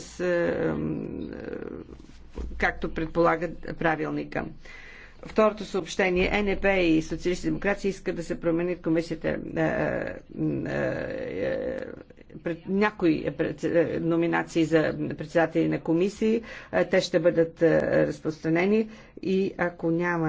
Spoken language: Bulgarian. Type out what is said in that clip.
с, е, е, както предполага правилника. Второто съобщение. Е НП и социалисти демокрации искат да се промени комисията. Пред някои номинации за председатели на комисии, те ще бъдат разпространени и ако няма